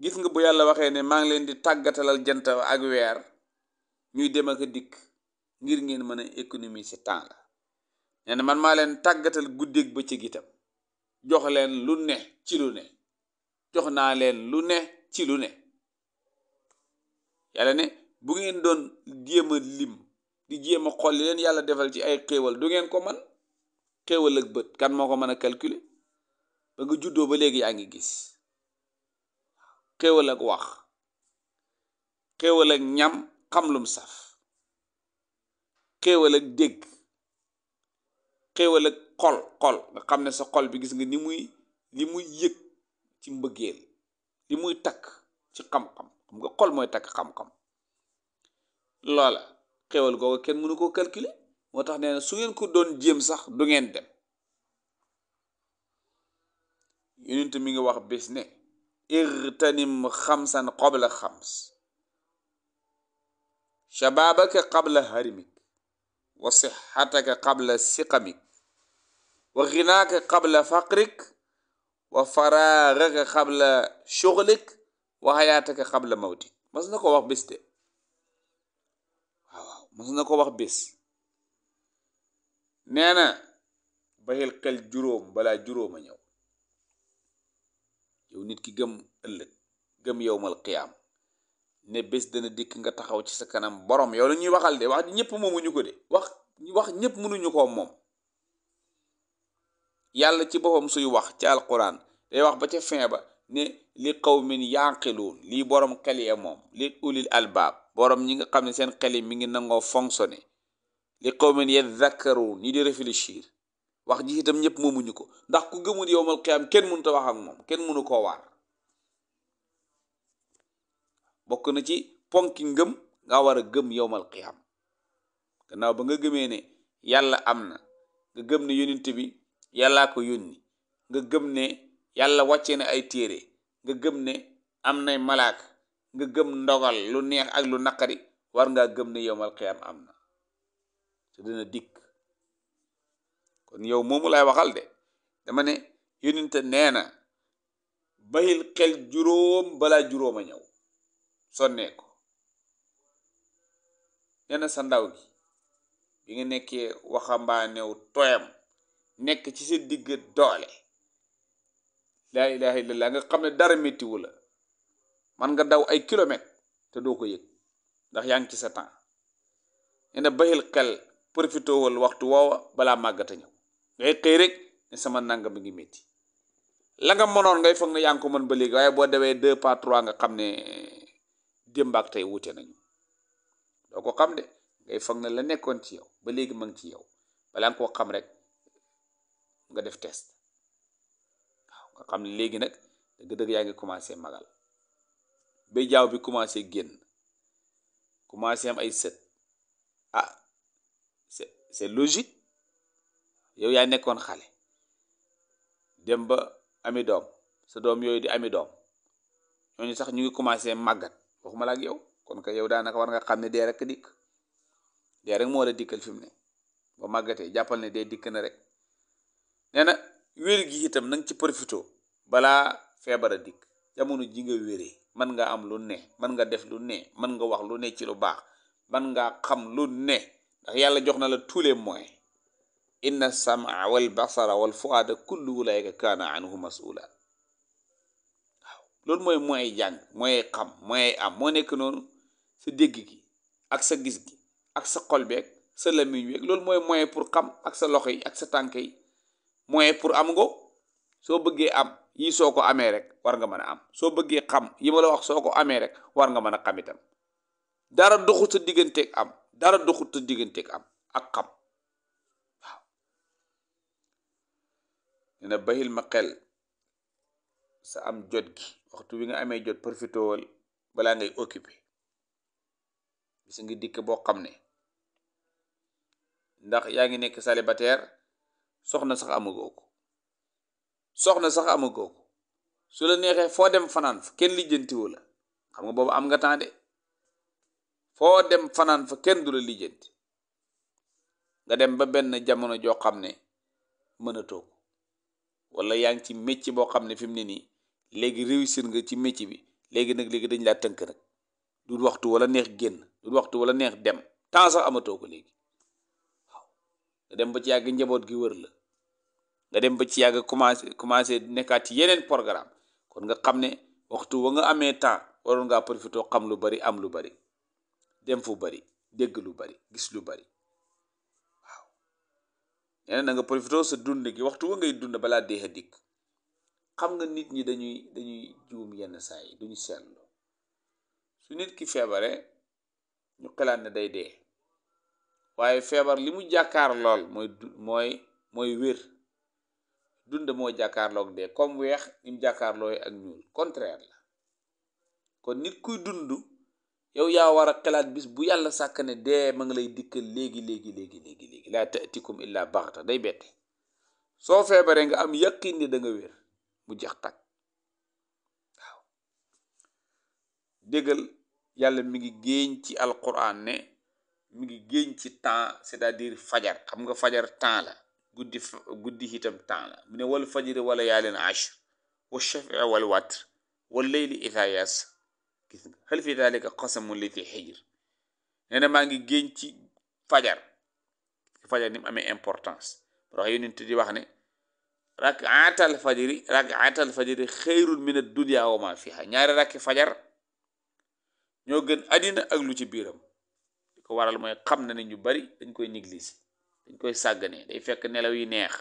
gis nga bu yàlla waxee ne maa ngi leen di tàggatalal jant ak weer ñuy dem ak dikk ngir ngeen mën a économie ci temps la nee man maa leen tàggatal guddeeg bëccëg itam jox leen lu ne ci lu ne jox naa leen lu ne ci lu ne yàlla ne bu ngeen doon jéem a lim di jéem a xool li leen yàlla defal ci ay xéewal du ngeen ko man xéewal ak bët kan moo ko mën a calculer ba nga juddoo ba léegi yaa ngi gis xéewal ak wax xéewal ak ñam xam lum saf xéewal ak dégg xéewal ak xol xol nga xam ne sa xol bi gis nga ni muy li muy yëg ci mbëggeel li muy takk ci xam-xam xam nga xol mooy takk xam-xam loola xéewal googu kenn mënu koo calculer moo tax nee na su ngeen ko doon jéem sax du ngeen dem yonent mi nga wax bés ne اغتنم خمسا قبل خمس شبابك قبل هرمك وصحتك قبل سقمك وغناك قبل فقرك وفراغك قبل شغلك وحياتك قبل موتك mas na ko wax bés de waaw mas na ko wax bés nee na baxil xel juróom balaa juróoma ñëw yow nit ki gëm ëllëg gëm yowmal qiyaam ne bés dana dikk nga taxaw ci sa kanam borom yow la ñuy waxal de wax ñëpp moomuñu ko de wax wax ñëpp mënuñu ko moom yàlla ci boppam suy wax ci alquran day wax ba ca fin ba ne li qawmin yaaqiluun lii borom xel ya moom li ulil albaab borom ñi nga xam ne seen xel yi mi ngi nangoo fonctionné li qawmin yadakkaruun ñi di réfléchir wax ji itam ñëpp moomuñu ko ndax ku gëmul yowmal qiyaam kenn mënut a wax ak moom kenn mënu koo waar bokk na ci ponki ngëm nga war a gëm yowmal qiyaam gannaaw ba nga gëmee ne yàlla am na nga gëm ne yonent bi yàllaa ko yónni nga gëm ne yàlla wàcce na ay téere nga gëm ne am nay malaak nga gëm ndogal lu neex ak lu naqari war ngaa gëm ne yowmal qiyaam am na te dina dikk kon yow moomu lay waxal de dama ne yonente nee na bayil xel juróom balaa juróom a ñëw sonnee ko nee sa ndaw gi bi nga nekkee waxambaanew tooyam nekk ci sa digg doole laa ilaha illallah nga xam ne dara méttiwu la man nga daw ay kilomètre te doo ko yëg ndax yaa ngi ci sa temps nee na bayil xel profitowal waxtu woowa balaa màggat a ñëw ngay xëy rek ne sama nangam mi ngi métti la nga mënoon ngay foog ne yaa ngi ko mën ba léegi waaye boo dewee deux pas trois nga xam ne démb ak tey wute nañu doo ko xam de ngay foog na la nekkoon ci yow ba léegi ma ci yow balaa nga koo xam rek nga def test waaw nga xam ne léegi nag dëgg-dëgg yaa ngi commencé magal ba jaaw bi commencé génn commencé am ay sët ah c'est c'est logique. yow yaa nekkoon xale dem ba ami doom sa doom yooyu di ami doom ñooñu sax ñu ngi commencé màggat waxuma la ak yow kon que yow daanaka war nga xam ne dee rek dikk dee rek moo a dikkal fi mu ne ba màggatee jàppal ne dee dikk na rek nee na wér gi itam na ci profito balaa feebar a dikk jamono ji nga wéree mën nga am lu ne mën nga def lu ne mën nga wax lu ne ci lu baax man nga xam lu ne ndax yàlla jox na la tous les moyens inna samaa wal basara wal fuada kullu ulaika kaana anhu masula waaw loolu mooy mooy jàng mooy xam mooy am moo nekk noonu sa dégg gi ak sa gis gi ak sa xolbeek sa lamiñ beeg loolu mooy moyen pour xam ak sa loxo yi ak sa tànk yi moyen pour am ngo soo bëggee am yii soo ko amee rek war nga mën a am soo bëggee xam yi ma la wax soo ko amee rek war nga mën a xam itam dara doxut sa digganteeg am dara doxut sa digganteeg am ak xam nee na bayil ma xel sa am jot gi waxtu wi nga amee jot profitool balaa ngay occupé bis ngi dikk boo xam ne ndax yaa ngi nekk célibataire soxna sax amagoo soxna sax amagoo su la neexee foo dem fanaan fa kenn lijjantiwu la xam nga boobu am nga temps foo dem fanaan fa kenn du la lijjanti nga dem ba benn jamono joo xam ne mën a toog wala yaa ngi ci métier boo xam ne fi mu ne nii léegi réussir nga ci métier bi léegi nag léegi dañ laa tënk nag du waxtu wala neex génn du waxtu wala neex dem temps sax amatoo ko léegi waaw nga dem ba ci yàgg njaboot gi wër la nga dem ba ci yàgg commencé commencé nekkaat ci yeneen programme kon nga xam ne waxtu wa nga amee temps waroon ngaa profité xam lu bari am lu bari dem fu bari dégg lu bari gis lu bari nee na nga profité sa dund gi waxtu wa ngay dund balaa dee a dikk xam nga nit ñi dañuy dañuy juum yenn saa yi duñu seetlu su nit ki feebaree ñu xalaat ne day dee waaye feebar li mu jàkkaar lool mooy mooy mooy wér dund moo jàkkaarloog dee comme weex ni mu jàkkaarlooy ak ñuul contraire la kon nit kuy dund yow yaa war a xalaat bis bu yàlla sàkk ne dee ma ngi lay dikkal léegi léegi léegi léegi léegi laa taatikum illa baxta day bette soo feebaree nga am yaqin ne da nga wér mu jeex tàkk déggal yàlla mi ngi géeñ ci alquran ne mi ngi géeñ ci temps c'est-à-dire fajar xam nga fajar temps la guddi guddi itam temps la mu ne wal fajri wala yaaleen ashr wa shafii wal watr wal layli idha gis nga xal fi daalika qasamu li fi xijr nee na maa ngi génn ci fajar fajar ni mu amee importance rox yonent di wax ne rakaatal fajri rakaatal fajri xayrun min ad-dunya wa fajar ñoo gën àddina ak lu ci biiram ko waral mooy xam na ne ñu bari dañ koy négligé dañ koy sàggane day fekk nelaw yi neex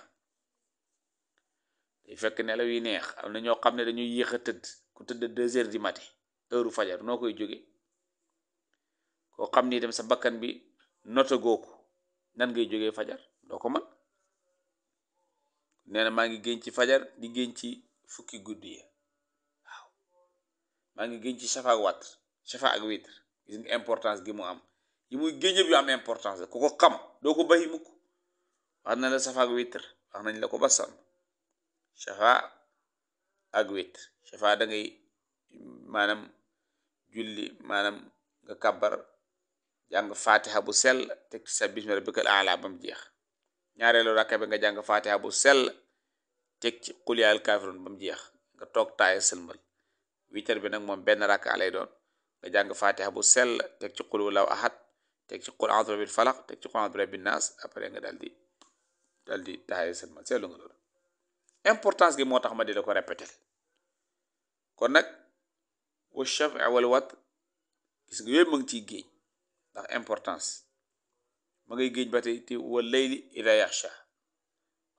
day fekk nelaw yi neex am na ñoo xam ne dañuy yéex a tëdd ku tëdd deux heures du matin heure fajar noo koy jóge koo xam ni dem sa bakkan bi notagoo ko nan ngay jógee fajar doo ko man nee na maa ngi génn ci fajar di génn ci fukki guddi ya waaw maa ngi génn ci safa ak watr ak witr gis nga importance gi mu am yi muy génn yëpp yu am importance doo ko bàyyi mukk wax na nañ la ko ba sàmm safa maanaam julli maanaam nga kàbbar jàng fatiha bu sell teg ci sa bismi rabbikal a'la bam jeex ñaareelu rakka bi nga jàng fatiha bu sell teg ci qul yaa al kaafiruun jeex nga toog taaya sëlmal wittar bi nag moom benn rakka lay doon nga jàng fatiha bu sell teg ci qul huwallahu ahad teg ci qul a'uudu bi rabbil teg ci qul a'uudu bi rabbin naas après nga daal di daal di taaya sëlmal seetlu nga loolu importance gi moo tax ma di la ko répéter kon nag wa shaf wal wat gis nga yooyu ma ngi ciy géej ndax importance ma ngay géej ba tey te wa layli ida yaxsha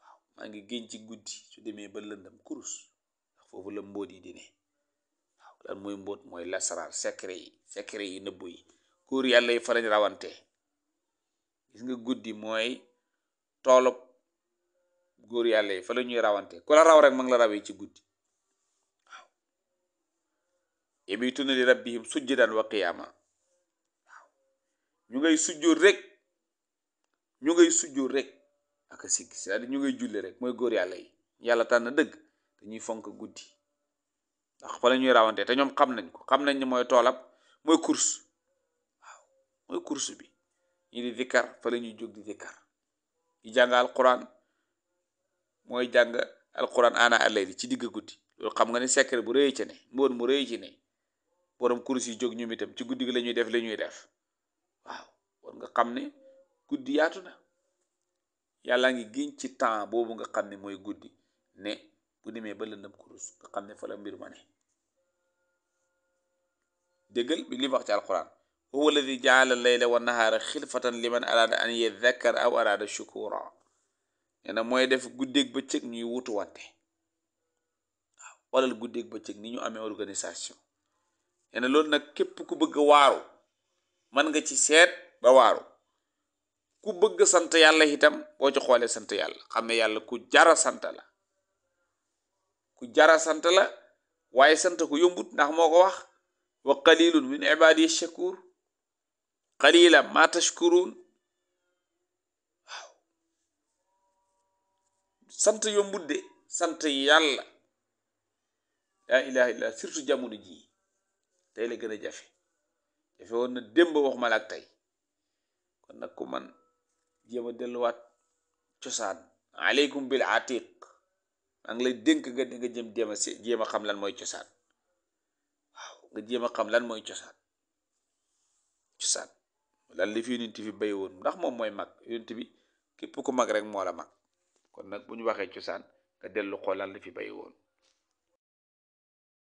waaw maa ngi géej ci guddi su demee ba lëndam kurus ndax foofu la mbóot yi di ne waaw lan mooy mbóot mooy lasaraar secret yi secret yi nëbbu yi rawante gis nga guddi mooy toolub góor yàlla yi fa la ñuy rawante ku la raw rek ma ngi la rawee ci guddi yabituuna li rabbihim daan wa qiyaama waaw ñu ngay sujjóot rek ñu ngay sujjóot rek ak a sigg cest à ñu ngay julli rek mooy góor yàlla yi yàlla tànn dëgg dañuy fonk guddi ndax fa la ñuy rawante te ñoom xam nañ ko xam nañ ne mooy toolab mooy course waaw mooy course bi ñi di dikkar fa la ñuy jóg di dikkar yi jàng alquran mooy jàng alquran ana allayli ci digg guddi loolu xam nga ne secret bu rëy ci ne mbóon mu rëy ci ne borom kurus yu jóg ñoom itam ci guddi gi la ñuy def la ñuy def waaw war nga xam ne guddi yaatu na yàllaa ngi giñ ci temps boobu nga xam ne mooy guddi ne bu demee ba lëndëm kurus nga xam ne fa la mbir ma ne déggal bi li wax ci alquran huwa alladi jaala layla wa nahaara xilfatan liman araada an yadakkar aw araada shukura nee na mooy def guddeeg bëccëg ñuy wutuwante waaw walal guddeeg bëccëg ni ñu amee organisation nee na loolu nag képp ku bëgg waaru mën nga ci seet ba waaru ku bëgg sant yàlla itam boo ci xoolee sant yàlla xam ne yàlla ku jara sant la ku jara sant la waaye sant ko yombut ndax moo ko wax wa qalilun min ibadiy shakur qalila ma tashkurun waaw sant yombut de sant yàlla laa ilaha illa surtout jamono jii tey la gën a jafe jafe woon na démb wax ma la ak tey kon nag ku man jéem a delluwaat cosaan aleykum bil atiq maa ngi lay dénk nga nga jëm jéem a jéem a xam lan mooy cosaan waaw nga jéem a xam lan mooy cosaan cosaan lan li fi yonent fi bay woon ndax moom mooy mag yonent bi képp ku mag rek moo la mag kon nag bu ñu waxee cosaan nga dellu xool lan la fi bay woon